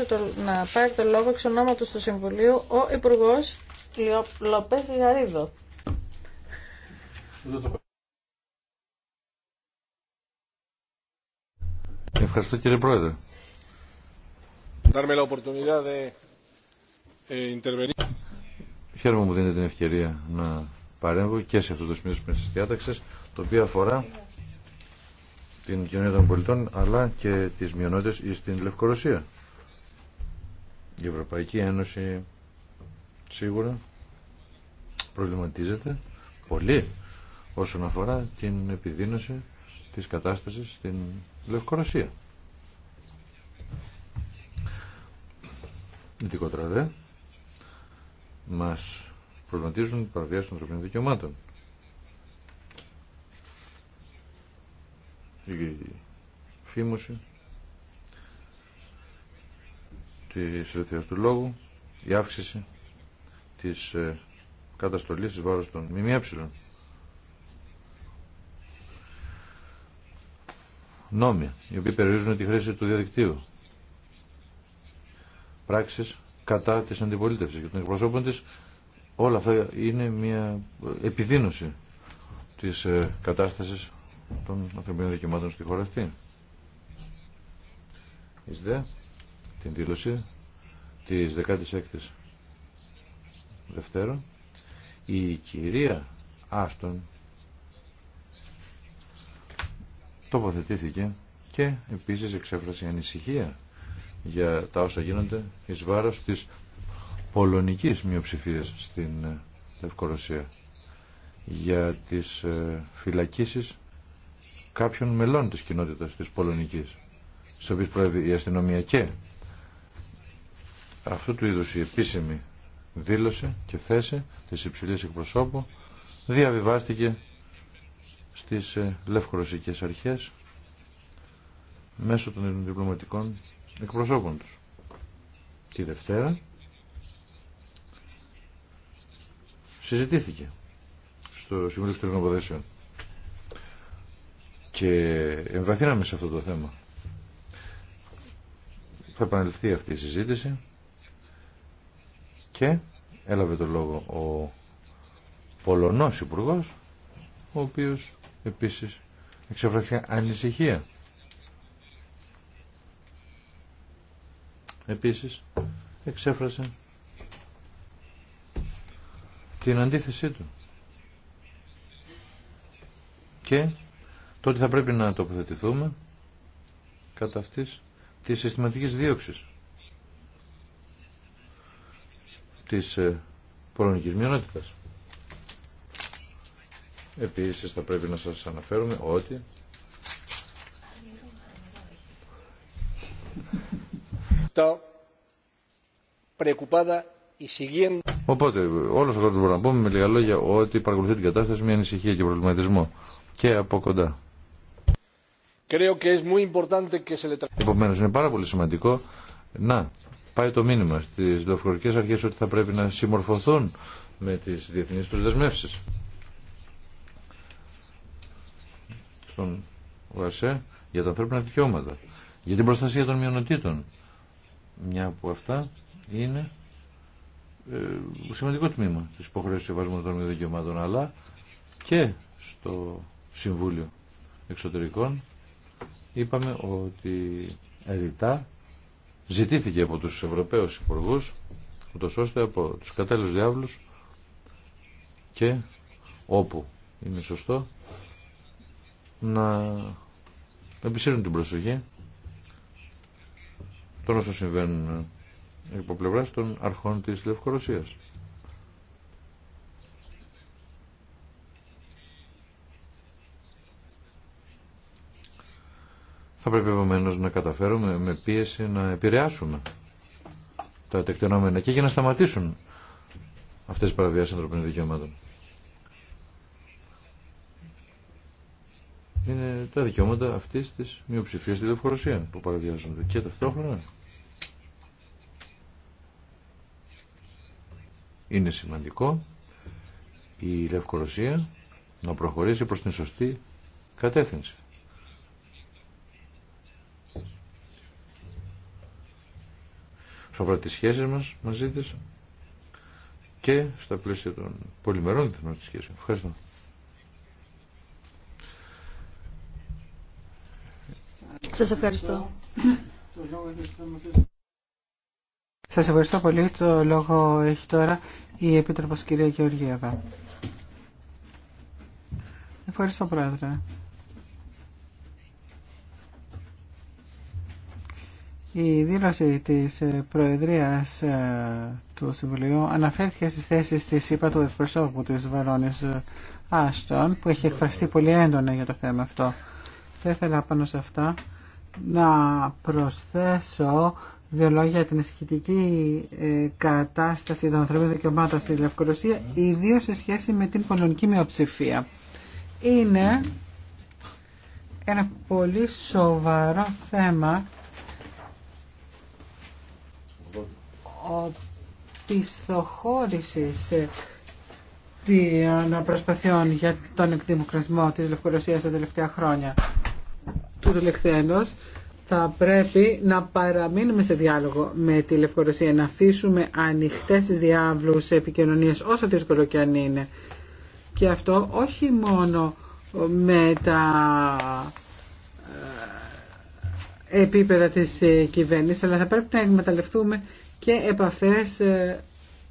ζήτησε το, να πάρει το λόγο εξ ονόματο του Συμβουλίου ο υπουργό Λοπέ Γαρίδο. Ευχαριστώ κύριε Πρόεδρε. Ε, Χαίρομαι που δίνετε την ευκαιρία να παρέμβω και σε αυτό το σημείο τη διάταξη, το οποίο αφορά την κοινωνία των πολιτών αλλά και τις μειονότητες στην Λευκορωσία. Η Ευρωπαϊκή Ένωση σίγουρα προβληματίζεται πολύ όσον αφορά την επιδείνωση της κατάστασης στην Λευκορωσία. Ειδικότερα δε μας προβληματίζουν παραβιάσεις των ανθρωπίνων δικαιωμάτων. Η φήμωση της ελευθερίας του λόγου, η αύξηση της ε, καταστολής της βάρος των ΜΜΕ. Νόμοι, οι οποίοι περιορίζουν τη χρήση του διαδικτύου. Πράξεις κατά της αντιπολίτευσης και των εκπροσώπων της. Όλα αυτά είναι μια επιδείνωση της ε, κατάστασης των ανθρωπίνων δικαιωμάτων στη χώρα αυτή. Is την δήλωση της 16ης Δευτέρα η κυρία Άστον τοποθετήθηκε και επίσης εξέφρασε ανησυχία για τα όσα γίνονται εις βάρος της πολωνικής μειοψηφίας στην ε, Λευκορωσία για τις ε, φυλακίσεις κάποιων μελών της κοινότητας της πολωνικής στις οποίες προέβη η αστυνομία και αυτού του είδους η επίσημη δήλωση και θέση της υψηλής εκπροσώπου διαβιβάστηκε στις ε, λευκορωσικές αρχές μέσω των διπλωματικών εκπροσώπων τους. Τη Δευτέρα συζητήθηκε στο Συμβουλίο των και εμβαθύναμε σε αυτό το θέμα. Θα επαναληφθεί αυτή η συζήτηση και έλαβε το λόγο ο Πολωνός υπουργό, ο οποίος επίσης εξέφρασε ανησυχία. Επίσης εξέφρασε την αντίθεσή του και το ότι θα πρέπει να τοποθετηθούμε κατά αυτής της συστηματικής δίωξης της ε, πολωνικής μειονότητας. Επίσης θα πρέπει να σας αναφέρουμε ότι Οπότε, όλος ο κόσμος μπορεί να πούμε με λίγα λόγια ότι παρακολουθεί την κατάσταση με ανησυχία και προβληματισμό και από κοντά. Επομένως, είναι πάρα πολύ σημαντικό να πάει το μήνυμα στις λεωφορικές αρχές ότι θα πρέπει να συμμορφωθούν με τις διεθνείς τους δεσμεύσεις. Στον ΟΑΣΕ για τα ανθρώπινα δικαιώματα, για την προστασία των μειονοτήτων. Μια από αυτά είναι ε, σημαντικό τμήμα της υποχρέωσης σεβασμού των δικαιωμάτων, αλλά και στο Συμβούλιο Εξωτερικών είπαμε ότι ερητά ζητήθηκε από τους Ευρωπαίους Υπουργούς ούτως ώστε από τους κατάλληλους διάβλους και όπου είναι σωστό να επισύρουν την προσοχή των όσων συμβαίνουν υπό πλευράς των αρχών της Λευκορωσίας. Θα πρέπει επομένω να καταφέρουμε με πίεση να επηρεάσουμε τα τεκτενόμενα και για να σταματήσουν αυτές οι παραβιάσεις ανθρωπίνων δικαιωμάτων. Είναι τα δικαιώματα αυτή τη μειοψηφία στη Λευκορωσία που παραβιάζονται και ταυτόχρονα. Είναι σημαντικό η Λευκορωσία να προχωρήσει προς την σωστή κατεύθυνση. σοβαρά τις σχέσεις μας μαζί της και στα πλαίσια των πολυμερών διεθνών της σχέσεων. Ευχαριστώ. Σας ευχαριστώ. Σας ευχαριστώ πολύ. Το λόγο έχει τώρα η Επίτροπος κυρία Γεωργίευα. Ευχαριστώ Πρόεδρε. Η δήλωση της ε, Προεδρίας ε, του Συμβουλίου αναφέρθηκε στις θέσεις της ΥΠΑ του εκπροσώπου της Βαρόνης ε, Άστον που έχει εκφραστεί πολύ έντονα για το θέμα αυτό. Θα ήθελα πάνω σε αυτά να προσθέσω δύο λόγια για την ισχυτική κατάσταση των ανθρωπίνων δικαιωμάτων στη Λευκορωσία, ιδίω σε σχέση με την πολωνική μειοψηφία. Είναι ένα πολύ σοβαρό θέμα οπισθοχώρησης ε, των προσπαθειών για τον εκδημοκρασμό της Λευκορωσίας τα τελευταία χρόνια του τελευταίου, θα πρέπει να παραμείνουμε σε διάλογο με τη Λευκορωσία, να αφήσουμε ανοιχτές τι διάβλους επικοινωνίες όσο δύσκολο και αν είναι. Και αυτό όχι μόνο με τα ε, επίπεδα της ε, κυβέρνησης, αλλά θα πρέπει να εκμεταλλευτούμε και επαφές ε,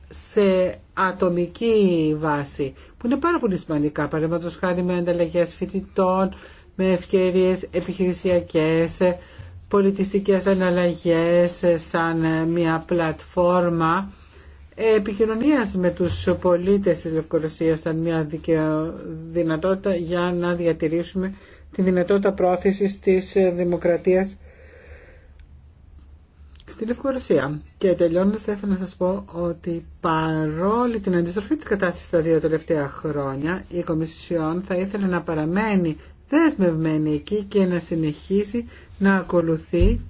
σε ατομική βάση που είναι πάρα πολύ σημαντικά παραδείγματος χάρη με ανταλλαγές φοιτητών με ευκαιρίες επιχειρησιακές πολιτιστικές αναλλαγές ε, σαν ε, μια πλατφόρμα επικοινωνίας με τους πολίτες της Λευκορωσίας σαν μια δυνατότητα για να διατηρήσουμε τη δυνατότητα πρόθεσης της δημοκρατίας στη Λευκορωσία. Και τελειώνοντας θα ήθελα να σας πω ότι παρόλη την αντιστροφή της κατάστασης τα δύο τελευταία χρόνια, η Κομισιόν θα ήθελε να παραμένει δεσμευμένη εκεί και να συνεχίσει να ακολουθεί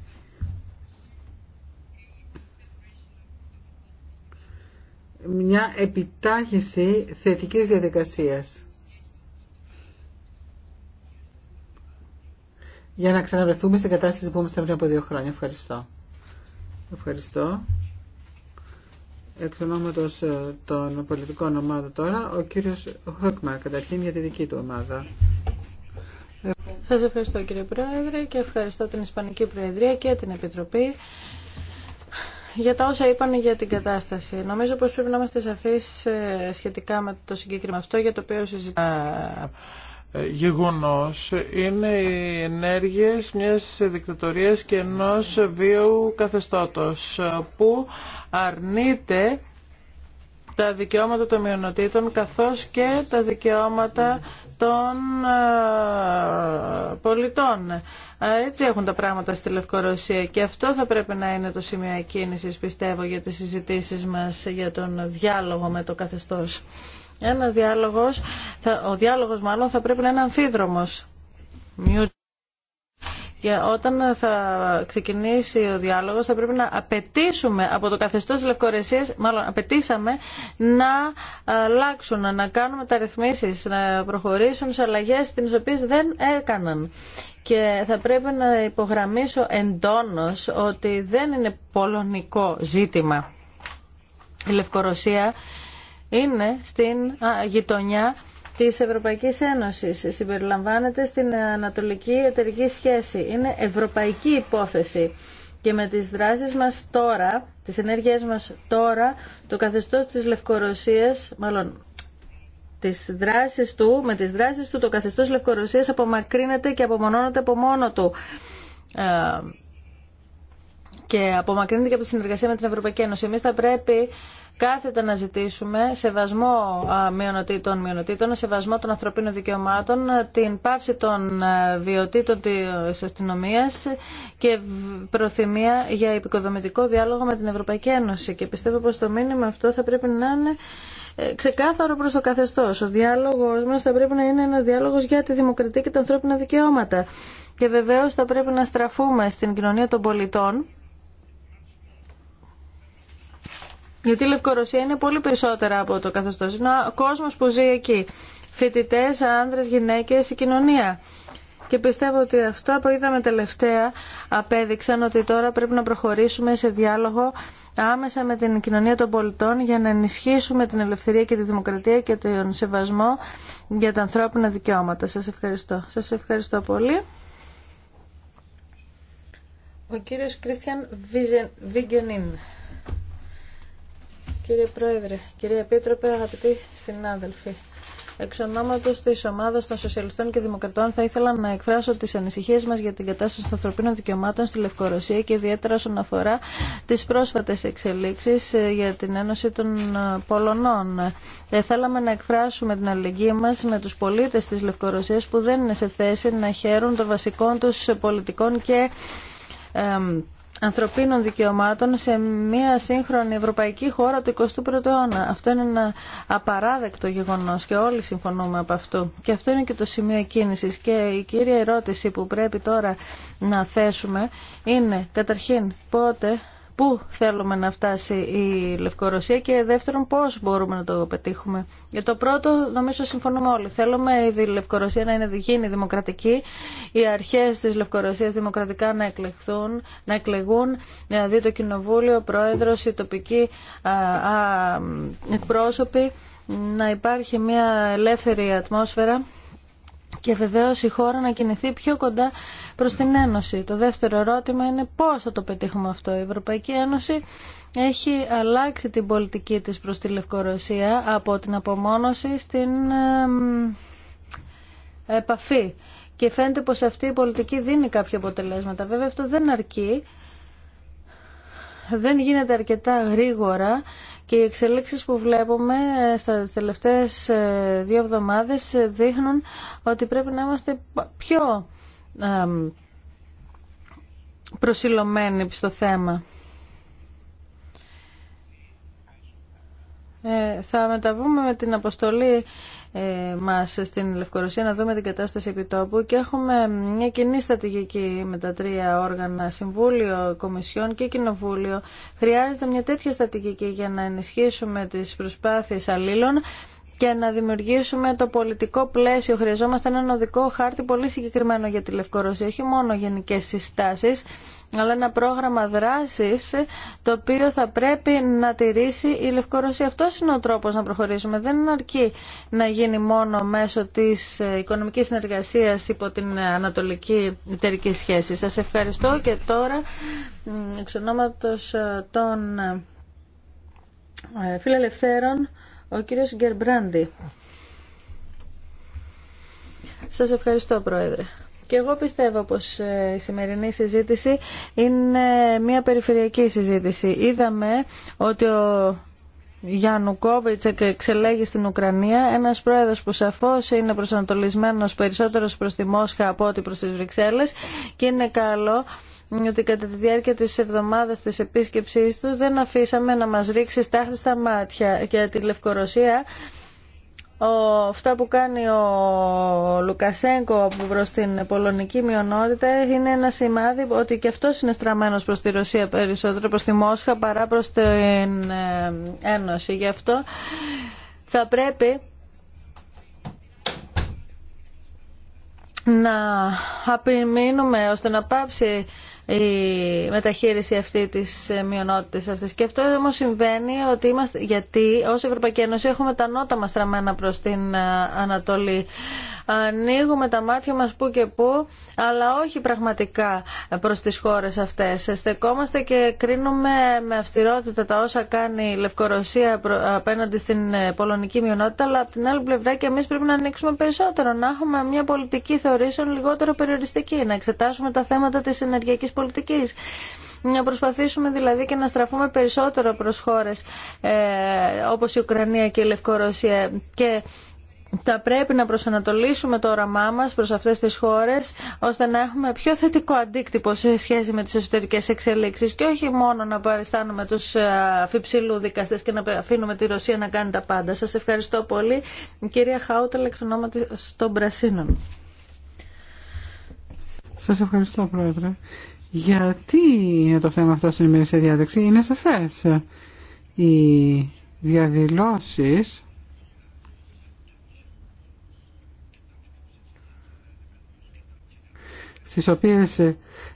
μια επιτάχυση θετικής διαδικασίας. για να ξαναβρεθούμε στην κατάσταση που είμαστε πριν από δύο χρόνια. Ευχαριστώ. Ευχαριστώ. Εκ των ε, των πολιτικών ομάδων τώρα, ο κύριος Χόκμαρ, καταρχήν για τη δική του ομάδα. Σας ευχαριστώ κύριε Πρόεδρε και ευχαριστώ την Ισπανική Προεδρία και την Επιτροπή για τα όσα είπαν για την κατάσταση. Νομίζω πως πρέπει να είμαστε σαφείς ε, σχετικά με το συγκεκριμένο αυτό για το οποίο συζητάμε ε, γεγονός είναι οι ενέργειες μιας δικτατορίας και ενός βίου καθεστώτος που αρνείται τα δικαιώματα των μειονοτήτων καθώς και τα δικαιώματα των ε, πολιτών. Ε, έτσι έχουν τα πράγματα στη Λευκορωσία και αυτό θα πρέπει να είναι το σημείο κίνησης πιστεύω για τις συζητήσεις μας για τον διάλογο με το καθεστώς. Ένα διάλογος, ο διάλογος μάλλον θα πρέπει να είναι αμφίδρομος. Και όταν θα ξεκινήσει ο διάλογος θα πρέπει να απαιτήσουμε από το καθεστώς της Λευκορεσίας, μάλλον απαιτήσαμε να αλλάξουν, να κάνουμε τα ρυθμίσεις, να προχωρήσουν σε αλλαγές τις οποίες δεν έκαναν. Και θα πρέπει να υπογραμμίσω εντόνως ότι δεν είναι πολωνικό ζήτημα. Η Λευκορωσία είναι στην γειτονιά της Ευρωπαϊκής Ένωσης. Συμπεριλαμβάνεται στην ανατολική εταιρική σχέση. Είναι ευρωπαϊκή υπόθεση. Και με τις δράσεις μας τώρα, τις ενέργειές μας τώρα, το καθεστώς της Λευκορωσίας, μάλλον τις δράσεις του, με τις δράσεις του το καθεστώς Λευκορωσίας απομακρύνεται και απομονώνεται από μόνο του ε, και απομακρύνεται και από τη συνεργασία με την Ευρωπαϊκή Ένωση. Εμείς θα πρέπει Κάθεται να ζητήσουμε σεβασμό μειονοτήτων μειονοτήτων, σεβασμό των ανθρωπίνων δικαιωμάτων, την πάυση των βιωτήτων της αστυνομία και προθυμία για επικοδομητικό διάλογο με την Ευρωπαϊκή Ένωση. Και πιστεύω πως το μήνυμα αυτό θα πρέπει να είναι ε, ξεκάθαρο προς το καθεστώς. Ο διάλογος μας θα πρέπει να είναι ένας διάλογος για τη δημοκρατία και τα ανθρώπινα δικαιώματα. Και βεβαίως θα πρέπει να στραφούμε στην κοινωνία των πολιτών Γιατί η Λευκορωσία είναι πολύ περισσότερα από το καθεστώ. Είναι ο κόσμος που ζει εκεί. Φοιτητέ, άνδρες, γυναίκες, η κοινωνία. Και πιστεύω ότι αυτό που είδαμε τελευταία απέδειξαν ότι τώρα πρέπει να προχωρήσουμε σε διάλογο άμεσα με την κοινωνία των πολιτών για να ενισχύσουμε την ελευθερία και τη δημοκρατία και τον σεβασμό για τα ανθρώπινα δικαιώματα. Σας ευχαριστώ. Σας ευχαριστώ πολύ. Ο κύριος Κρίστιαν Βίγενίν. Κύριε Πρόεδρε, κύριε Επίτροπε, αγαπητοί συνάδελφοι. Εξ ονόματο τη ομάδα των Σοσιαλιστών και Δημοκρατών, θα ήθελα να εκφράσω τι ανησυχίε μα για την κατάσταση των ανθρωπίνων δικαιωμάτων στη Λευκορωσία και ιδιαίτερα όσον αφορά τι πρόσφατε εξελίξει ε, για την Ένωση των ε, Πολωνών. Ε, θέλαμε να εκφράσουμε την αλληλεγγύη μα με του πολίτε τη Λευκορωσία που δεν είναι σε θέση να χαίρουν των βασικών του πολιτικών και ανθρωπίνων δικαιωμάτων σε μια σύγχρονη ευρωπαϊκή χώρα του 21ου αιώνα. Αυτό είναι ένα απαράδεκτο γεγονός και όλοι συμφωνούμε από αυτό. Και αυτό είναι και το σημείο κίνηση. Και η κύρια ερώτηση που πρέπει τώρα να θέσουμε είναι καταρχήν πότε πού θέλουμε να φτάσει η Λευκορωσία και δεύτερον πώς μπορούμε να το πετύχουμε. Για το πρώτο νομίζω συμφωνούμε όλοι. Θέλουμε η Λευκορωσία να είναι, γίνει δημοκρατική, οι αρχές της Λευκορωσίας δημοκρατικά να, εκλεχθούν, να εκλεγούν, δηλαδή το Κοινοβούλιο, ο Πρόεδρος, οι τοπικοί α, εκπρόσωποι, να υπάρχει μια ελεύθερη ατμόσφαιρα και βεβαίω η χώρα να κινηθεί πιο κοντά προς την Ένωση. Το δεύτερο ερώτημα είναι πώς θα το πετύχουμε αυτό. Η Ευρωπαϊκή Ένωση έχει αλλάξει την πολιτική της προς τη Λευκορωσία από την απομόνωση στην επαφή. Και φαίνεται πως αυτή η πολιτική δίνει κάποια αποτελέσματα. Βέβαια αυτό δεν αρκεί, δεν γίνεται αρκετά γρήγορα και οι εξελίξεις που βλέπουμε στα τελευταίες ε, δύο εβδομάδες δείχνουν ότι πρέπει να είμαστε πιο προσιλωμένοι στο θέμα. Ε, θα μεταβούμε με την αποστολή ε, μας στην Λευκορωσία να δούμε την κατάσταση επιτόπου και έχουμε μια κοινή στρατηγική με τα τρία όργανα, Συμβούλιο, Κομισιόν και Κοινοβούλιο. Χρειάζεται μια τέτοια στρατηγική για να ενισχύσουμε τις προσπάθειες αλλήλων και να δημιουργήσουμε το πολιτικό πλαίσιο. Χρειαζόμαστε έναν οδικό χάρτη πολύ συγκεκριμένο για τη Λευκορωσία, όχι μόνο γενικέ συστάσεις, αλλά ένα πρόγραμμα δράση το οποίο θα πρέπει να τηρήσει η Λευκορωσία. Αυτός είναι ο τρόπος να προχωρήσουμε. Δεν είναι αρκεί να γίνει μόνο μέσω της οικονομική συνεργασίας υπό την ανατολική εταιρική σχέση. Σα ευχαριστώ και τώρα εξ ονόματο των ε, φιλελευθέρων ο κύριος Γκερμπράντι. Σας ευχαριστώ, Πρόεδρε. Και εγώ πιστεύω πως ε, η σημερινή συζήτηση είναι μια περιφερειακή συζήτηση. Είδαμε ότι ο Γιάννου Κόβιτς εξελέγει στην Ουκρανία ένας πρόεδρος που σαφώς είναι προσανατολισμένος περισσότερο προς τη Μόσχα από ό,τι προς τις Βρυξέλλες και είναι καλό ότι κατά τη διάρκεια της εβδομάδας της επίσκεψής του δεν αφήσαμε να μας ρίξει στάχτη στα μάτια για τη Λευκορωσία. Ο, αυτά που κάνει ο Λουκασέγκο προς την πολωνική μειονότητα είναι ένα σημάδι ότι και αυτός είναι στραμμένος προς τη Ρωσία περισσότερο, προς τη Μόσχα παρά προς την ε, Ένωση. Γι' αυτό θα πρέπει να απειμείνουμε ώστε να πάψει η μεταχείριση αυτή της ε, μειονότητας αυτής. Και αυτό όμως συμβαίνει ότι είμαστε, γιατί ως Ευρωπαϊκή Ένωση έχουμε τα νότα μας τραμμένα προς την ε, Ανατολή. Ανοίγουμε τα μάτια μας που και που, αλλά όχι πραγματικά προς τις χώρες αυτές. Στεκόμαστε και κρίνουμε με αυστηρότητα τα όσα κάνει η Λευκορωσία απέναντι στην ε, πολωνική μειονότητα, αλλά από την άλλη πλευρά και εμείς πρέπει να ανοίξουμε περισσότερο, να έχουμε μια πολιτική θεωρία θεωρήσεων λιγότερο περιοριστική, να εξετάσουμε τα θέματα της ενεργειακής πολιτικής. Να προσπαθήσουμε δηλαδή και να στραφούμε περισσότερο προς χώρες ε, όπως η Ουκρανία και η Λευκορωσία και θα πρέπει να προσανατολίσουμε το όραμά μας προς αυτές τις χώρες ώστε να έχουμε πιο θετικό αντίκτυπο σε σχέση με τις εσωτερικές εξελίξεις και όχι μόνο να παριστάνουμε τους ε, αφιψηλού δικαστές και να αφήνουμε τη Ρωσία να κάνει τα πάντα. Σας ευχαριστώ πολύ. Κυρία Χάουτελ, εξ των Πρασίνων. Σας ευχαριστώ Πρόεδρε. Γιατί το θέμα αυτό στην ημερήσια διάταξη. Είναι σαφές. Οι διαδηλώσεις στις οποίες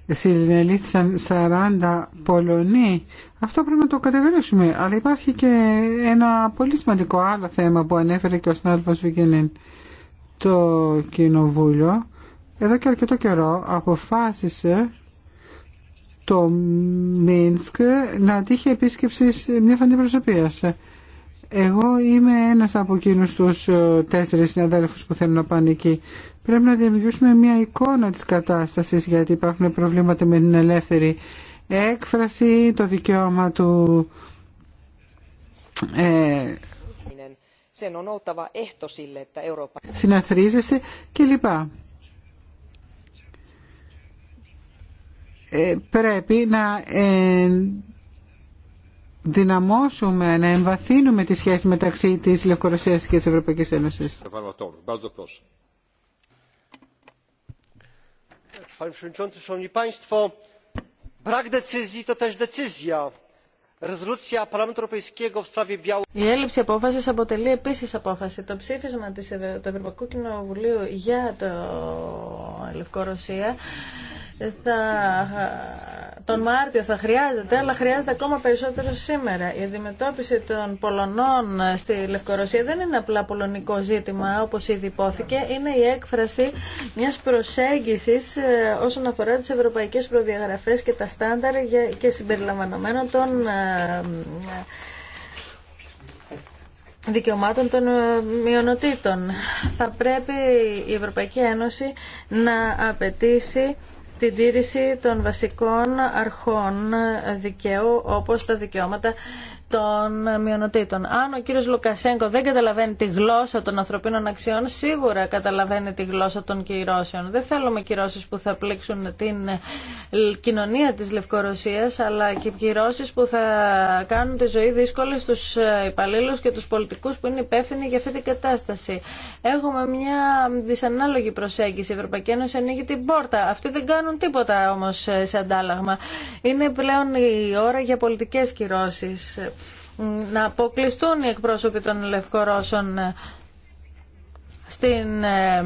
συνελήφθησαν 40 Πολωνοί. Αυτό πρέπει να το κατηγορήσουμε. Αλλά υπάρχει και ένα πολύ σημαντικό άλλο θέμα που ανέφερε και ο συνάδελφος Βικενίν. Το Κοινοβούλιο εδώ και αρκετό καιρό αποφάσισε το Μίνσκ να τύχει επίσκεψη μια αντιπροσωπεία. Εγώ είμαι ένα από εκείνου του ε, τέσσερι συναδέλφου που θέλουν να πάνε εκεί. Πρέπει να δημιουργήσουμε μια εικόνα τη κατάσταση γιατί υπάρχουν προβλήματα με την ελεύθερη έκφραση, το δικαίωμα του... Ε, κλπ. Ε, πρέπει να δυναμώσουμε, να εμβαθύνουμε τη σχέση μεταξύ της Λευκορωσίας και της Ευρωπαϊκής Ένωσης. Η έλλειψη απόφαση αποτελεί επίση απόφαση. Το ψήφισμα του Ευρωπαϊκού Κοινοβουλίου για το Λευκορωσία θα, τον Μάρτιο θα χρειάζεται, αλλά χρειάζεται ακόμα περισσότερο σήμερα. Η αντιμετώπιση των Πολωνών στη Λευκορωσία δεν είναι απλά πολωνικό ζήτημα, όπως ήδη υπόθηκε. Είναι η έκφραση μιας προσέγγισης ε, όσον αφορά τις ευρωπαϊκές προδιαγραφές και τα στάνταρ και συμπεριλαμβανομένων των ε, δικαιωμάτων των ε, μειονοτήτων. Θα πρέπει η Ευρωπαϊκή Ένωση να απαιτήσει την τήρηση των βασικών αρχών δικαίου όπως τα δικαιώματα των μειονοτήτων. Αν ο κύριο Λουκασέγκο δεν καταλαβαίνει τη γλώσσα των ανθρωπίνων αξιών, σίγουρα καταλαβαίνει τη γλώσσα των κυρώσεων. Δεν θέλουμε κυρώσει που θα πλήξουν την ε, κοινωνία τη Λευκορωσίας, αλλά και κυρώσει που θα κάνουν τη ζωή δύσκολη στους ε, υπαλλήλου και του πολιτικού που είναι υπεύθυνοι για αυτή την κατάσταση. Έχουμε μια δυσανάλογη προσέγγιση. Η Ευρωπαϊκή Ένωση ανοίγει την πόρτα. Αυτοί δεν κάνουν τίποτα όμω, ε, σε αντάλλαγμα. Είναι πλέον η ώρα για πολιτικέ κυρώσει να αποκλειστούν οι εκπρόσωποι των Λευκορώσων ε, στην ε,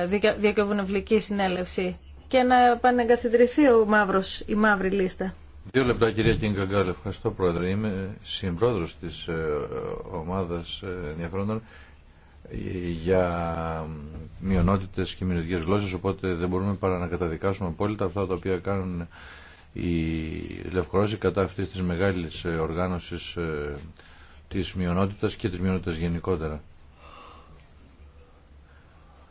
ε, διακοινοβουλευτική συνέλευση και να επανεγκαθιδρυθεί ο μαύρος, η μαύρη λίστα. Δύο λεπτά κυρία Κίνγκαγκάλ, ευχαριστώ πρόεδρε. Είμαι συμπρόεδρος της ομάδας ενδιαφέροντων για μειονότητες και μειονοτικές γλώσσες, οπότε δεν μπορούμε παρά να καταδικάσουμε απόλυτα αυτά τα οποία κάνουν η Λευκορώση κατά αυτή της μεγάλης ε, οργάνωσης ε, της μειονότητας και της μειονότητας γενικότερα.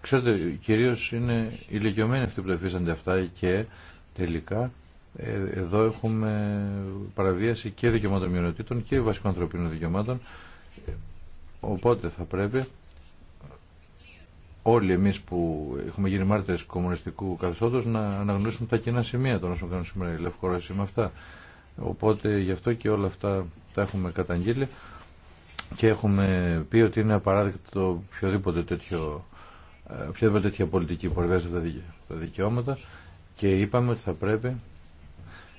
Ξέρετε, κυρίως είναι ηλικιωμένοι αυτοί που το εφίστανται αυτά και τελικά ε, εδώ έχουμε παραβίαση και δικαιωμάτων μειονοτήτων και βασικών ανθρωπίνων δικαιωμάτων οπότε θα πρέπει όλοι εμείς που έχουμε γίνει μάρτυρες κομμουνιστικού καθεστώτος να αναγνωρίσουμε τα κοινά σημεία των όσων κάνουν σήμερα η Λευκορώση με αυτά. Οπότε γι' αυτό και όλα αυτά τα έχουμε καταγγείλει και έχουμε πει ότι είναι απαράδεκτο οποιοδήποτε τέτοιο ε, οποιαδήποτε τέτοια πολιτική που εργάζεται τα δικαιώματα και είπαμε ότι θα πρέπει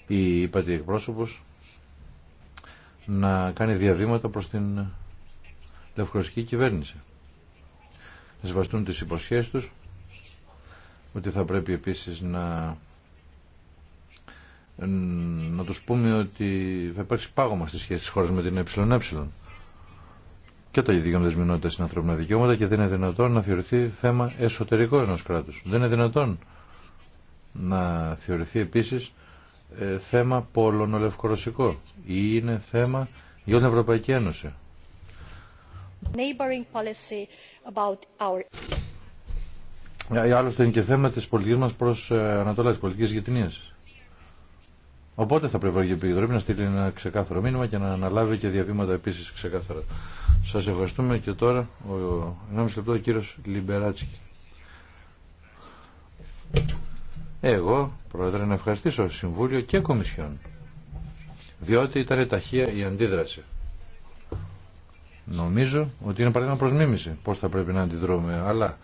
η υπατή εκπρόσωπος να κάνει διαβήματα προς την λευκορωσική κυβέρνηση σβαστούν τις υποσχέσεις τους, ότι θα πρέπει επίσης να, να τους πούμε ότι θα υπάρξει πάγωμα στη σχέση της χώρας με την ΕΕ. Και τα ίδια δεσμενότητα στην ανθρώπινα δικαιώματα και δεν είναι δυνατόν να θεωρηθεί θέμα εσωτερικό ενός κράτους. Δεν είναι δυνατόν να θεωρηθεί επίσης ε, θέμα πολωνολευκορωσικό ή είναι θέμα για όλη την Ευρωπαϊκή Ένωση. Ε, ε, άλλωστε είναι και θέμα της πολιτικής μας προς ε, Ανατολά, της πολιτικής γειτονίας. Οπότε θα πρέπει η Επιτροπή να στείλει ένα ξεκάθαρο μήνυμα και να αναλάβει και διαβήματα επίσης ξεκάθαρα. Σας ευχαριστούμε και τώρα ο 1,5 λεπτό ο κύριος Λιμπεράτσικη Εγώ, Πρόεδρε, να ευχαριστήσω Συμβούλιο και Κομισιόν, διότι ήταν ταχεία η αντίδραση. Νομίζω ότι είναι παράδειγμα προς μίμηση πώς θα πρέπει να αντιδρούμε, αλλά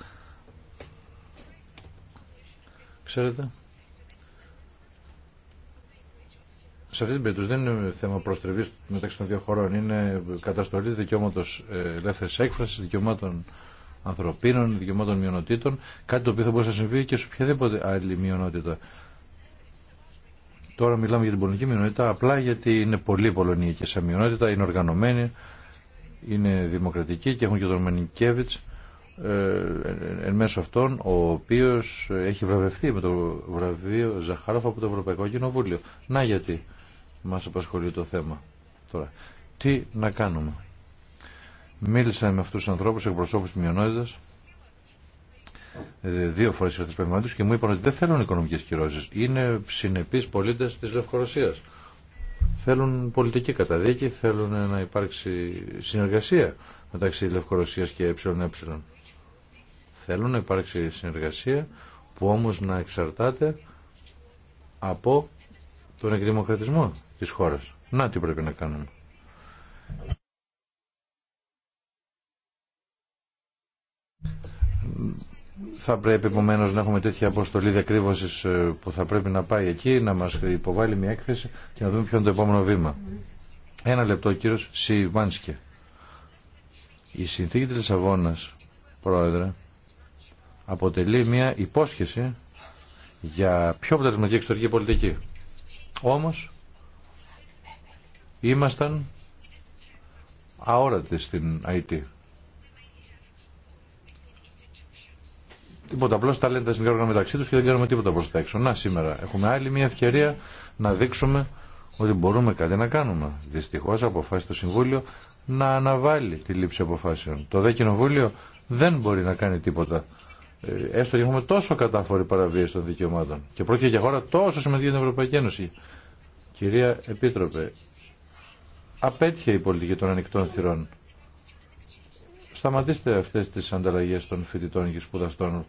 ξέρετε σε αυτή την περίπτωση δεν είναι θέμα προστρεβής μεταξύ των δύο χωρών, είναι καταστολή δικαιώματος ε, ελεύθερης έκφρασης, δικαιωμάτων ανθρωπίνων, δικαιωμάτων μειονοτήτων, κάτι το οποίο θα μπορούσε να συμβεί και σε οποιαδήποτε άλλη μειονότητα. Τώρα μιλάμε για την πολωνική μειονότητα απλά γιατί είναι πολύ πολωνική σε μειονότητα, είναι οργανωμένη, είναι δημοκρατική και έχουν και τον Μενικέβιτς ε, εν μέσω αυτών ο οποίος έχει βραβευτεί με το βραβείο Ζαχάροφ από το Ευρωπαϊκό Κοινοβούλιο. Να γιατί μας απασχολεί το θέμα τώρα. Τι να κάνουμε. Μίλησα με αυτούς τους ανθρώπους, εκπροσώπους της μειονότητας, ε, δύο φορές ήρθα στις και μου είπαν ότι δεν θέλουν οικονομικές κυρώσεις. Είναι συνεπείς πολίτες της Λευκορωσίας. Θέλουν πολιτική καταδίκη, θέλουν να υπάρξει συνεργασία μεταξύ Λευκορωσίας και ΕΕ. Θέλουν να υπάρξει συνεργασία που όμως να εξαρτάται από τον εκδημοκρατισμό της χώρας. Να τι πρέπει να κάνουμε. Θα πρέπει επομένω να έχουμε τέτοια αποστολή διακρύβωση ε, που θα πρέπει να πάει εκεί, να μα υποβάλει μια έκθεση και να δούμε ποιο είναι το επόμενο βήμα. Ένα λεπτό, κύριο Σιβάνσκε. Η συνθήκη τη Λισαβόνα, πρόεδρε, αποτελεί μια υπόσχεση για πιο αποτελεσματική εξωτερική πολιτική. Όμω, ήμασταν αόρατοι στην IT. Τίποτα απλώ τα λένε τα συνεργά μεταξύ του και δεν κάνουμε τίποτα προ τα έξω. Να σήμερα έχουμε άλλη μια ευκαιρία να δείξουμε ότι μπορούμε κάτι να κάνουμε. Δυστυχώ αποφάσισε το Συμβούλιο να αναβάλει τη λήψη αποφάσεων. Το ΔΕ Κοινοβούλιο δεν μπορεί να κάνει τίποτα. Ε, έστω και έχουμε τόσο κατάφορη παραβίαση των δικαιωμάτων. Και πρόκειται για χώρα τόσο σημαντική για την Ευρωπαϊκή Ένωση. Κυρία Επίτροπε, απέτυχε η πολιτική των ανοιχτών θυρών σταματήστε αυτές τις ανταλλαγές των φοιτητών και σπουδαστών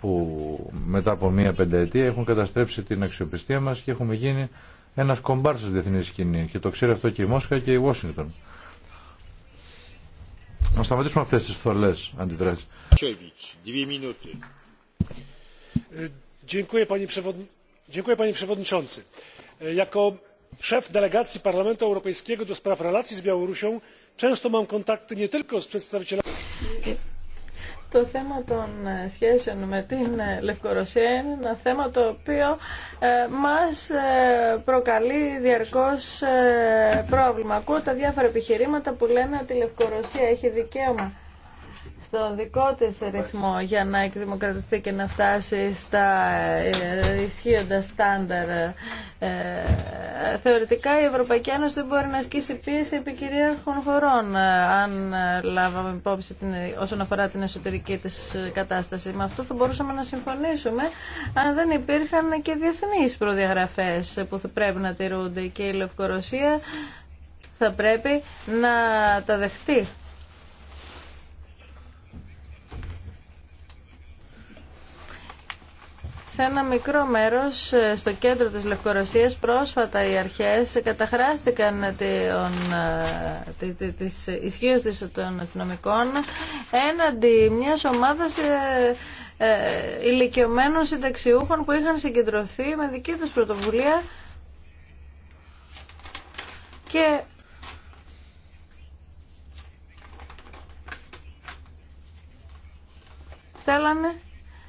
που μετά από μία πενταετία έχουν καταστρέψει την αξιοπιστία μας και έχουμε γίνει ένας κομπάρ στη διεθνή σκηνή και το ξέρει αυτό και η Μόσχα και η Ουάσιγκτον. Να σταματήσουμε αυτές τις θολές αντιδράσεις. Ε, dziękuję panie przewodniczący. Ε, jako szef delegacji Parlamentu Europejskiego do spraw relacji z Białorusią το θέμα των ε, σχέσεων με την ε, Λευκορωσία είναι ένα θέμα το οποίο ε, μας προκαλεί διαρκώς πρόβλημα. Ακούω τα διάφορα επιχειρήματα που λένε ότι η Λευκορωσία έχει δικαίωμα στο δικό της ρυθμό για να εκδημοκρατιστεί και να φτάσει στα ε, ισχύοντα στάνταρ. Ε, θεωρητικά η Ευρωπαϊκή Ένωση δεν μπορεί να ασκήσει πίεση επί κυρίαρχων χωρών ε, αν λάβαμε υπόψη την, όσον αφορά την εσωτερική της κατάσταση. Με αυτό θα μπορούσαμε να συμφωνήσουμε αν δεν υπήρχαν και διεθνείς προδιαγραφές που θα πρέπει να τηρούνται και η Λευκορωσία θα πρέπει να τα δεχτεί σε ένα μικρό μέρος ε, στο κέντρο της Λευκορωσίας πρόσφατα οι αρχές καταχράστηκαν ε, τη ε, ισχύω των αστυνομικών έναντι μιας ομάδας ηλικιωμένων συνταξιούχων που είχαν συγκεντρωθεί με δική τους πρωτοβουλία και θέλανε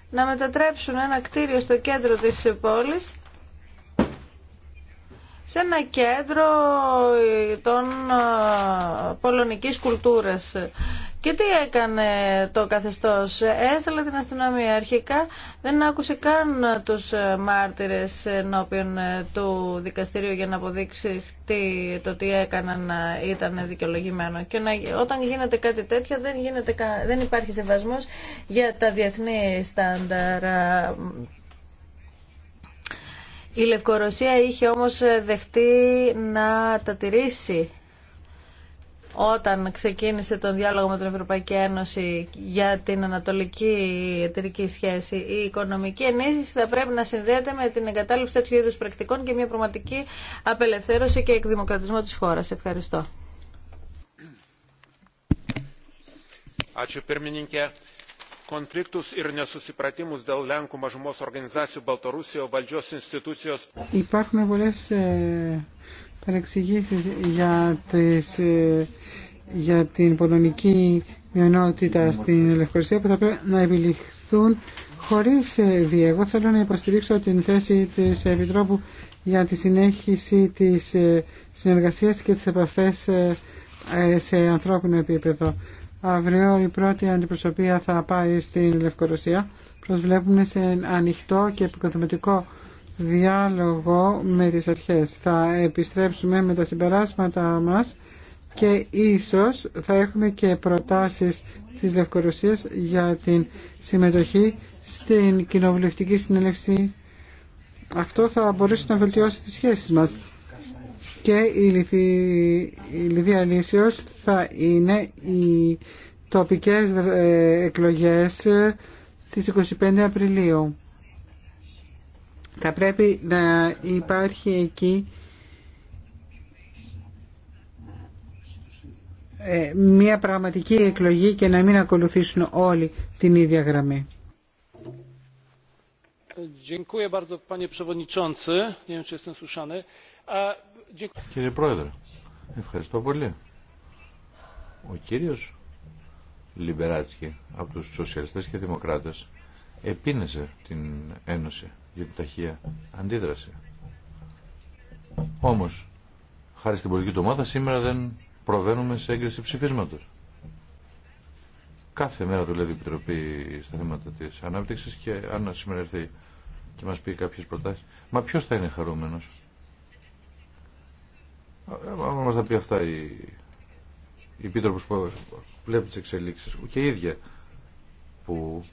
να μετατρέψουν ένα κτίριο στο κέντρο της πόλης σε ένα κέντρο ε, των ε, πολωνικής κουλτούρας. Και τι έκανε το καθεστώς. Έστειλε την αστυνομία. Αρχικά δεν άκουσε καν τους μάρτυρες ενώπιον ε, του δικαστηρίου για να αποδείξει το τι έκαναν ε, ήταν δικαιολογημένο. Και να, όταν γίνεται κάτι τέτοιο δεν, γίνεται, δεν υπάρχει σεβασμός για τα διεθνή στάνταρα. Η Λευκορωσία είχε όμως ε, δεχτεί να τα τηρήσει όταν ξεκίνησε τον διάλογο με την Ευρωπαϊκή Ένωση για την ανατολική εταιρική σχέση, η οικονομική ενίσχυση θα πρέπει να συνδέεται με την εγκατάλειψη τέτοιου είδου πρακτικών και μια πραγματική απελευθέρωση και εκδημοκρατισμό τη χώρα. Ευχαριστώ. Υπάρχουν πολλές ε, παρεξηγήσεις για, ε, για την πολωνική μειονότητα στην Λευκορωσία που θα πρέπει να επιληχθούν χωρίς ε, βία. Εγώ θέλω να υποστηρίξω την θέση της Επιτρόπου για τη συνέχιση της ε, συνεργασίας και της επαφές σε ανθρώπινο επίπεδο. Αύριο η πρώτη αντιπροσωπεία θα πάει στην Λευκορωσία. Προσβλέπουμε σε ανοιχτό και επικοδομητικό διάλογο με τις αρχές. Θα επιστρέψουμε με τα συμπεράσματα μας και ίσως θα έχουμε και προτάσεις της Λευκορωσίας για την συμμετοχή στην κοινοβουλευτική συνέλευση. Αυτό θα μπορούσε να βελτιώσει τις σχέσεις μας. Και η, Λιδία θα είναι οι τοπικές ε, εκλογές ε, στις 25 Απριλίου. Θα πρέπει να υπάρχει εκεί ε, μια πραγματική εκλογή και να μην ακολουθήσουν όλοι την ίδια γραμμή. Κύριε Πρόεδρε, ευχαριστώ πολύ. Ο κύριος Λιμπεράτσκι από τους Σοσιαλιστές και Δημοκράτες επίνεσε την Ένωση για την ταχεία αντίδραση. Όμως, χάρη στην πολιτική του ομάδα, σήμερα δεν προβαίνουμε σε έγκριση ψηφίσματος. Κάθε μέρα δουλεύει η Επιτροπή στα θέματα της ανάπτυξη και αν σήμερα έρθει και μας πει κάποιε προτάσεις, μα ποιος θα είναι χαρούμενος. Αν μας τα πει αυτά η, η Επίτροπος που βλέπει εξελίξεις και η ίδια που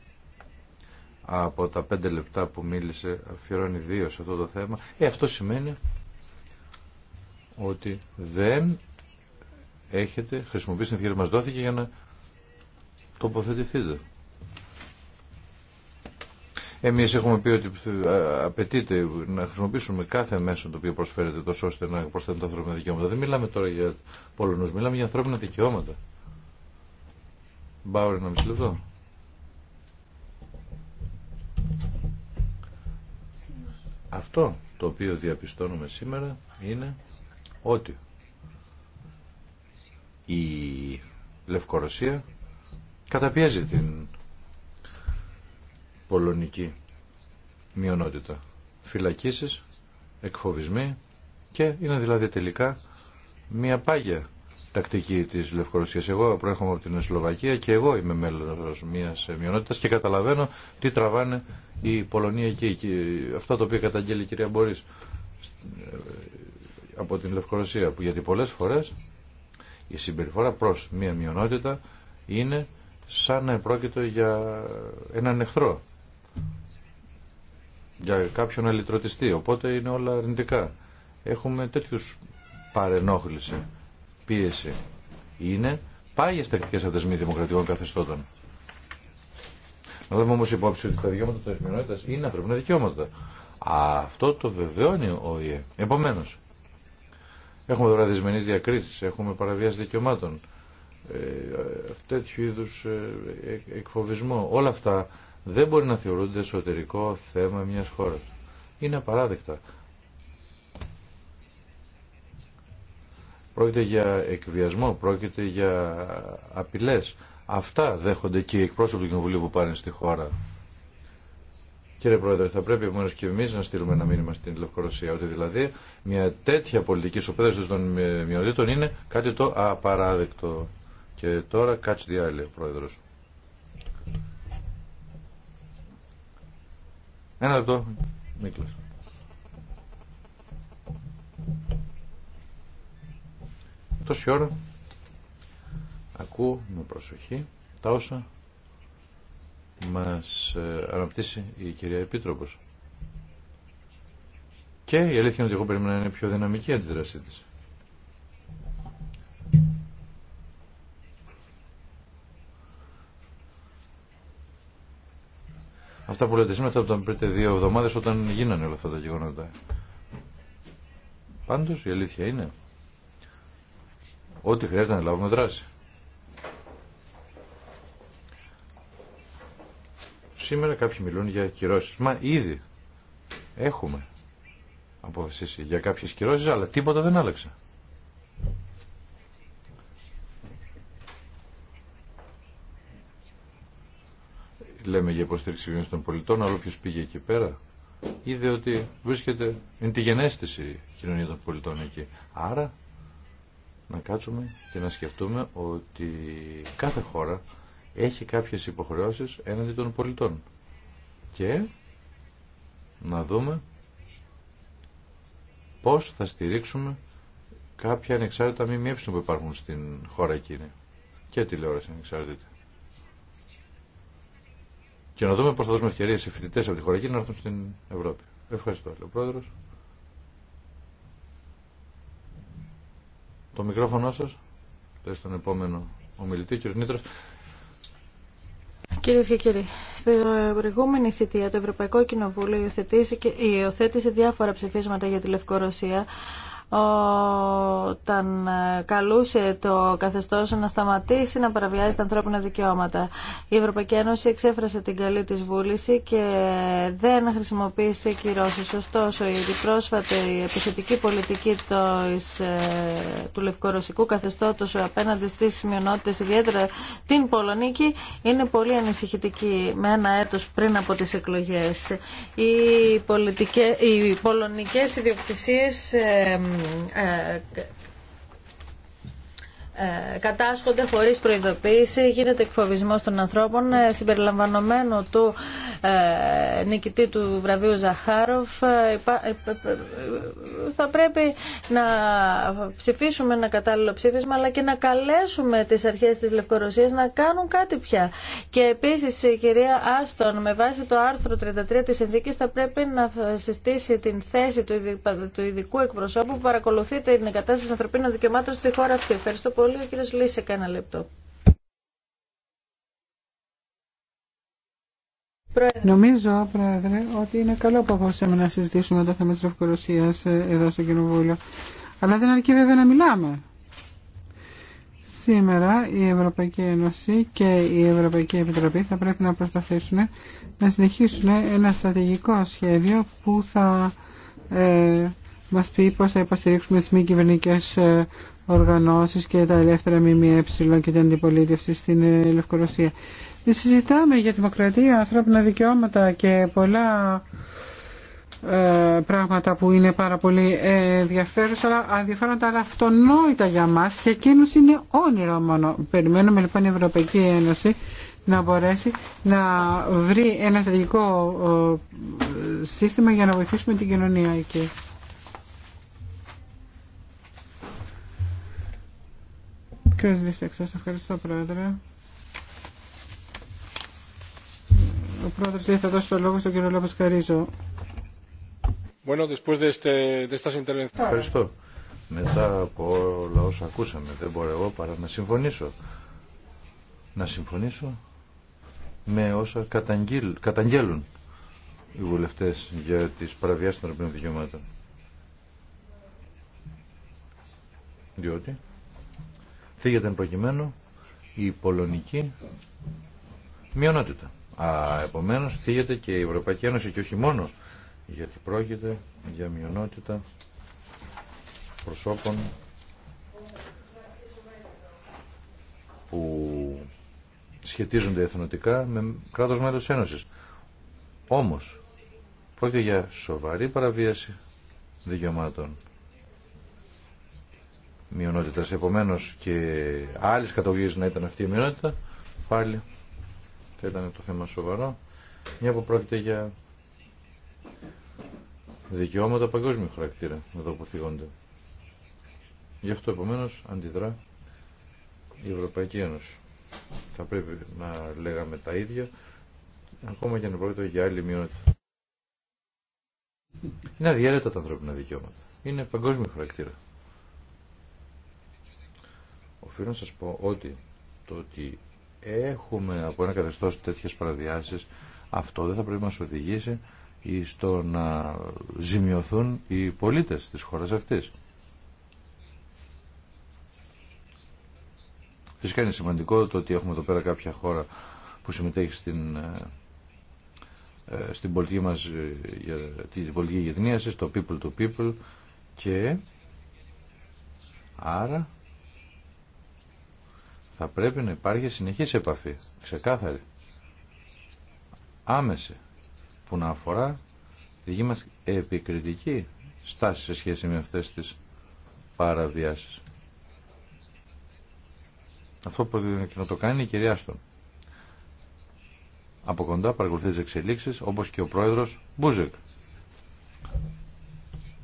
από τα πέντε λεπτά που μίλησε αφιερώνει δύο σε αυτό το θέμα. Ε, αυτό σημαίνει ότι δεν έχετε χρησιμοποιήσει την ευκαιρία μας δόθηκε για να τοποθετηθείτε. Εμείς έχουμε πει ότι απαιτείται να χρησιμοποιήσουμε κάθε μέσο το οποίο προσφέρεται τόσο ώστε να προσθέτουν τα ανθρώπινα δικαιώματα. Δεν μιλάμε τώρα για πολωνούς, μιλάμε για ανθρώπινα δικαιώματα. Μπάουρε να μισή λεπτό. Αυτό το οποίο διαπιστώνουμε σήμερα είναι ότι η Λευκορωσία καταπιέζει την πολωνική μειονότητα. Φυλακίσεις, εκφοβισμοί και είναι δηλαδή τελικά μια πάγια τακτική της Λευκορωσίας. Εγώ προέρχομαι από την Σλοβακία και εγώ είμαι μέλο μια μειονότητας και καταλαβαίνω τι τραβάνε η Πολωνία εκεί. Αυτά τα οποία καταγγέλει η κυρία Μπορή ε, από την Λευκορωσία. Γιατί πολλέ φορές η συμπεριφορά προ μια μειονότητα είναι σαν να πρόκειται για έναν εχθρό για κάποιον αλυτρωτιστή οπότε είναι όλα αρνητικά έχουμε τέτοιους παρενόχληση πίεση είναι πάει στα αυτές αδεσμοί δημοκρατικών καθεστώτων. Να δούμε όμω υπόψη ότι τα δικαιώματα τη μειονότητα είναι ανθρώπινα δικαιώματα. Αυτό το βεβαιώνει ο ΙΕ. Επομένω, έχουμε τώρα διακρίσει, διακρίσεις, έχουμε παραβίαση δικαιωμάτων, ε, τέτοιου είδους ε, εκφοβισμό. Όλα αυτά δεν μπορεί να θεωρούνται εσωτερικό θέμα μια χώρα. Είναι απαράδεκτα. πρόκειται για εκβιασμό, πρόκειται για απειλές. Αυτά δέχονται και οι εκπρόσωποι του Κοινοβουλίου που πάνε στη χώρα. Κύριε Πρόεδρε, θα πρέπει επομένω και εμεί να στείλουμε ένα μήνυμα στην Λευκορωσία ότι δηλαδή μια τέτοια πολιτική σοπαίδευση των μειονοτήτων είναι κάτι το απαράδεκτο. Και τώρα κάτσε τη Πρόεδρο. Ένα λεπτό. Μίκλος. τόση ώρα ακούω με προσοχή τα όσα μας ε, αναπτύσσει η κυρία Επίτροπος. Και η αλήθεια είναι ότι εγώ περίμενα να είναι πιο δυναμική η αντίδρασή της. Αυτά που λέτε σήμερα από τα πριν δύο εβδομάδες όταν γίνανε όλα αυτά τα γεγονότα. Πάντως η αλήθεια είναι ότι χρειάζεται να λάβουμε δράση. Σήμερα κάποιοι μιλούν για κυρώσεις. Μα ήδη έχουμε αποφασίσει για κάποιες κυρώσεις, αλλά τίποτα δεν άλλαξε. Λέμε για υποστήριξη των πολιτών, αλλά όποιος πήγε εκεί πέρα, είδε ότι βρίσκεται, είναι τη γενέστηση η κοινωνία των πολιτών εκεί. Άρα να κάτσουμε και να σκεφτούμε ότι κάθε χώρα έχει κάποιες υποχρεώσεις έναντι των πολιτών. Και να δούμε πώς θα στηρίξουμε κάποια ανεξάρτητα ΜΜΕ που υπάρχουν στην χώρα εκείνη. Και τηλεόραση ανεξάρτητα. Και να δούμε πώς θα δώσουμε ευκαιρίες σε φοιτητές από τη χώρα εκείνη να έρθουν στην Ευρώπη. Ευχαριστώ, λέει το μικρόφωνο σας, το τον επόμενο ομιλητή, Κύριε Νίτρας. Κυρίε και κύριοι, στην προηγούμενη θητεία το Ευρωπαϊκό Κοινοβούλιο υιοθέτησε διάφορα ψηφίσματα για τη Λευκορωσία όταν ε, καλούσε το καθεστώς να σταματήσει να παραβιάζει τα ανθρώπινα δικαιώματα. Η Ευρωπαϊκή Ένωση εξέφρασε την καλή της βούληση και δεν χρησιμοποίησε κυρώσεις. Ωστόσο, η πρόσφατη επιθετική πολιτική ε, του λευκορωσικού καθεστώτος απέναντι στις μειονότητες, ιδιαίτερα την Πολωνίκη, είναι πολύ ανησυχητική με ένα έτος πριν από τις εκλογές. Οι, πολιτικές, οι ε, ε, κατάσχονται χωρίς προειδοποίηση, γίνεται εκφοβισμός των ανθρώπων ε, συμπεριλαμβανομένου του ε, νικητή του βραβείου Ζαχάροφ θα πρέπει να ψηφίσουμε ένα κατάλληλο ψήφισμα αλλά και να καλέσουμε τις αρχές της Λευκορωσίας να κάνουν κάτι πια και επίσης η κυρία Άστον με βάση το άρθρο 33 της συνθήκης θα πρέπει να συστήσει την θέση του ειδικού εκπροσώπου που παρακολουθεί την κατάσταση ανθρωπίνων δικαιωμάτων στη χώρα αυτή σχόλιο. Ο κύριος Λίσεκ, ένα λεπτό. Νομίζω, Πρόεδρε, ότι είναι καλό που αποφασίσαμε να συζητήσουμε το θέμα της Ρευκορωσίας εδώ στο Κοινοβούλιο. Αλλά δεν αρκεί βέβαια να μιλάμε. Σήμερα η Ευρωπαϊκή Ένωση και η Ευρωπαϊκή Επιτροπή θα πρέπει να προσπαθήσουν να συνεχίσουν ένα στρατηγικό σχέδιο που θα ε, μας πει πώς θα υποστηρίξουμε τις μη κυβερνικές ε, οργανώσεις και τα ελεύθερα ΜΜΕ και την αντιπολίτευση στην ε, Λευκορωσία. Συζητάμε για δημοκρατία, ανθρώπινα δικαιώματα και πολλά ε, πράγματα που είναι πάρα πολύ ε, ενδιαφέρουσα, αλλά αδιαφέροντα, αλλά αυτονόητα για μας και εκείνους είναι όνειρο μόνο. Περιμένουμε λοιπόν η Ευρωπαϊκή Ένωση να μπορέσει να βρει ένα στρατηγικό σύστημα για να βοηθήσουμε την κοινωνία εκεί. Κύριος Λίσεξ, σας ευχαριστώ πρόεδρε. Ο πρόεδρος θα δώσει το λόγο στον κύριο Λόπες Καρίζο. Ευχαριστώ. Μετά από όλα όσα ακούσαμε δεν μπορώ εγώ παρά να συμφωνήσω. Να συμφωνήσω με όσα καταγγέλουν οι βουλευτές για τις παραβιάσεις των ευρωπαϊκών δικαιωμάτων. Διότι Φύγεται εν προκειμένου η πολωνική μειονότητα. Α, επομένως φύγεται και η Ευρωπαϊκή Ένωση και όχι μόνο γιατί πρόκειται για μειονότητα προσώπων που σχετίζονται εθνοτικά με κράτος μέλος Ένωσης. Όμως, πρόκειται για σοβαρή παραβίαση δικαιωμάτων μειονότητα. Επομένως και άλλες καταγωγές να ήταν αυτή η μειονότητα, πάλι θα ήταν το θέμα σοβαρό. Μια που πρόκειται για δικαιώματα παγκόσμιου χαρακτήρα εδώ που θυγόνται. Γι' αυτό επομένω αντιδρά η Ευρωπαϊκή Ένωση. Θα πρέπει να λέγαμε τα ίδια, ακόμα και αν πρόκειται για άλλη μειονότητα. Είναι αδιαίρετα τα ανθρώπινα δικαιώματα. Είναι παγκόσμιο χαρακτήρα. Οφείλω να σας πω ότι το ότι έχουμε από ένα καθεστώ τέτοιες παραδιάσεις αυτό δεν θα πρέπει να μας οδηγήσει στο να ζημιωθούν οι πολίτες της χώρας αυτής. Φυσικά είναι σημαντικό το ότι έχουμε εδώ πέρα κάποια χώρα που συμμετέχει στην, ε, ε, στην πολιτική μας ε, για, την πολιτική γετνίαση, το people to people και άρα θα πρέπει να υπάρχει συνεχής επαφή, ξεκάθαρη, άμεση, που να αφορά τη δική μας επικριτική στάση σε σχέση με αυτές τις παραβιάσεις. Αυτό που το κάνει η κυρία Από κοντά παρακολουθεί εξελίξεις, όπως και ο πρόεδρος Μπούζεκ,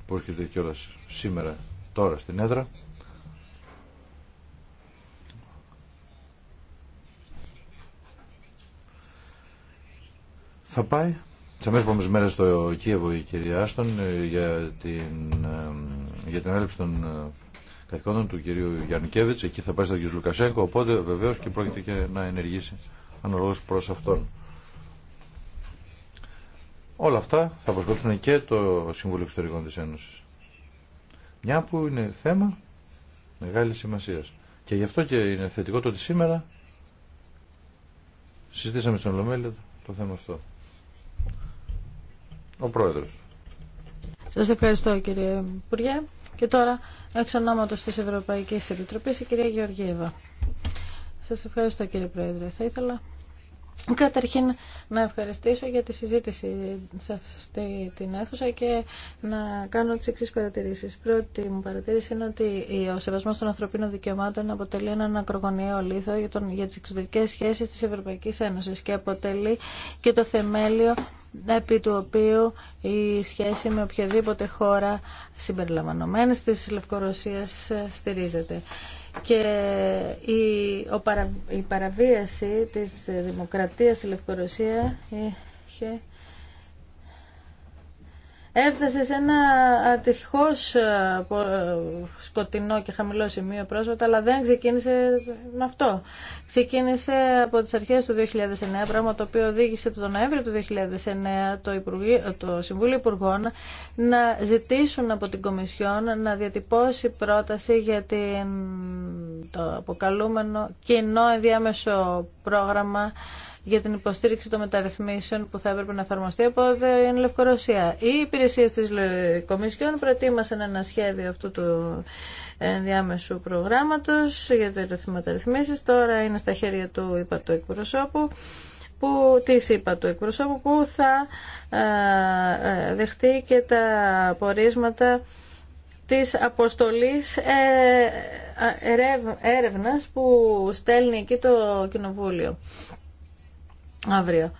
που έρχεται κιόλας σήμερα, τώρα στην έδρα. Θα πάει σε αμέσως μέρες στο Κίεβο η κυρία Άστον ε, για την, ε, για την έλευση των ε, καθηκόντων του κυρίου Κέβιτς. Εκεί θα πάει στον κύριο Λουκασέγκο, οπότε βεβαίως και πρόκειται και να ενεργήσει αναλόγως προς αυτόν. Όλα αυτά θα προσκόψουν και το Συμβούλιο Εξωτερικών της Ένωσης. Μια που είναι θέμα μεγάλη σημασίας. Και γι' αυτό και είναι θετικό το ότι σήμερα συζητήσαμε στον Ολομέλεια το θέμα αυτό ο Πρόεδρος. Σας ευχαριστώ κύριε Υπουργέ. Και τώρα, εξ ονόματος της Ευρωπαϊκής Επιτροπής, η κυρία Γεωργίευα. Σας ευχαριστώ κύριε Πρόεδρε. Θα ήθελα Καταρχήν να ευχαριστήσω για τη συζήτηση σε αυτή την αίθουσα και να κάνω τις εξής παρατηρήσεις. Πρώτη μου παρατήρηση είναι ότι ο σεβασμός των ανθρωπίνων δικαιωμάτων αποτελεί έναν ακρογωνιαίο λίθο για, τον, για τις εξωτερικές σχέσεις της Ευρωπαϊκής Ένωσης και αποτελεί και το θεμέλιο επί του οποίου η σχέση με οποιαδήποτε χώρα συμπεριλαμβανομένης της Λευκορωσίας στηρίζεται και η, ο παραβίαση της δημοκρατίας στη Λευκορωσία είχε έφτασε σε ένα ατυχώ ε, ε, σκοτεινό και χαμηλό σημείο πρόσφατα, αλλά δεν ξεκίνησε με αυτό. Ξεκίνησε από τις αρχές του 2009, πράγμα το οποίο οδήγησε τον Νοέμβριο του 2009 το, το Συμβούλιο Υπουργών να ζητήσουν από την Κομισιόν να διατυπώσει πρόταση για την, το αποκαλούμενο κοινό ενδιάμεσο πρόγραμμα για την υποστήριξη των μεταρρυθμίσεων που θα έπρεπε να εφαρμοστεί από την Λευκορωσία. Οι υπηρεσίε τη Κομισιόν προετοίμασαν ένα σχέδιο αυτού του ενδιάμεσου προγράμματο για τι μεταρρυθμίσει. Τώρα είναι στα χέρια του είπα εκπροσώπου που της είπα εκπροσώπου που θα δεχτεί και τα πορίσματα της αποστολής έρευνας που στέλνει εκεί το Κοινοβούλιο αύριο.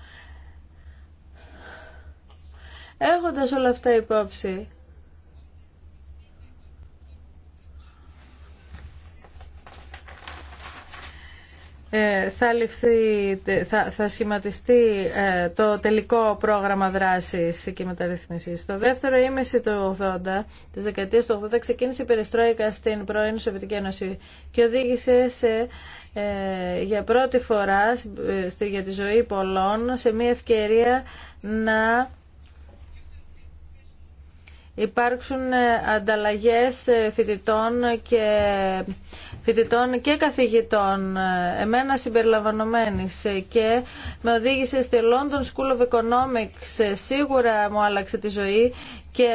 Έχοντας όλα αυτά υπόψη, Ε, θα, ληφθεί, θα, θα σχηματιστεί ε, το τελικό πρόγραμμα δράσης και μεταρρύθμισης. Το δεύτερο ήμιση του 80, της δεκαετίας του 80, ξεκίνησε η Περιστρόικα στην πρώην Σοβιετική Ένωση και οδήγησε σε, ε, για πρώτη φορά για τη ζωή πολλών σε μια ευκαιρία να υπάρξουν ε, ανταλλαγές ε, φοιτητών και, φοιτητών και καθηγητών, ε, εμένα συμπεριλαμβανομένης και με οδήγησε στη London School of Economics. Σίγουρα μου άλλαξε τη ζωή και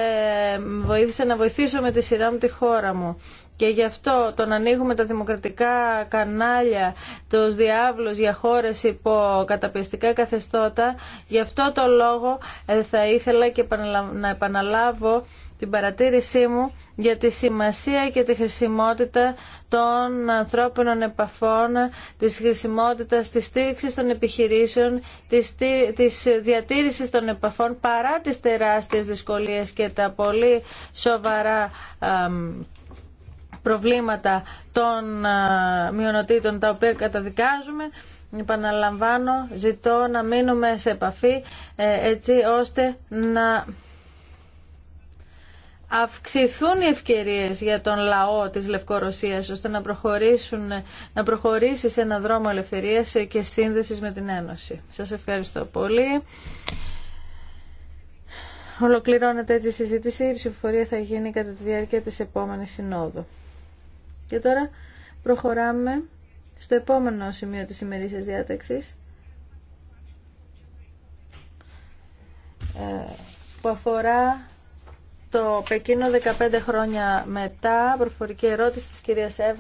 βοήθησε να βοηθήσω με τη σειρά μου τη χώρα μου. Και γι' αυτό τον ανοίγουμε τα δημοκρατικά κανάλια, τους διάβλους για χώρες υπό καταπιστικά καθεστώτα, γι' αυτό το λόγο ε, θα ήθελα και να επαναλάβω την παρατήρησή μου για τη σημασία και τη χρησιμότητα των ανθρώπινων επαφών, της χρησιμότητας της στήριξης των επιχειρήσεων, της διατήρησης των επαφών παρά τις τεράστιες δυσκολίες και τα πολύ σοβαρά προβλήματα των μειονοτήτων τα οποία καταδικάζουμε. Επαναλαμβάνω, ζητώ να μείνουμε σε επαφή ε, έτσι ώστε να αυξηθούν οι ευκαιρίες για τον λαό της Λευκορωσίας ώστε να, προχωρήσουν, να προχωρήσει σε ένα δρόμο ελευθερίας και σύνδεσης με την Ένωση. Σας ευχαριστώ πολύ. Ολοκληρώνεται έτσι η συζήτηση. Η ψηφοφορία θα γίνει κατά τη διάρκεια της επόμενης συνόδου. Και τώρα προχωράμε στο επόμενο σημείο της ημερήσιας διάταξης ε, που αφορά το Πεκίνο 15 χρόνια μετά προφορική ερώτηση της κυρίας Εύα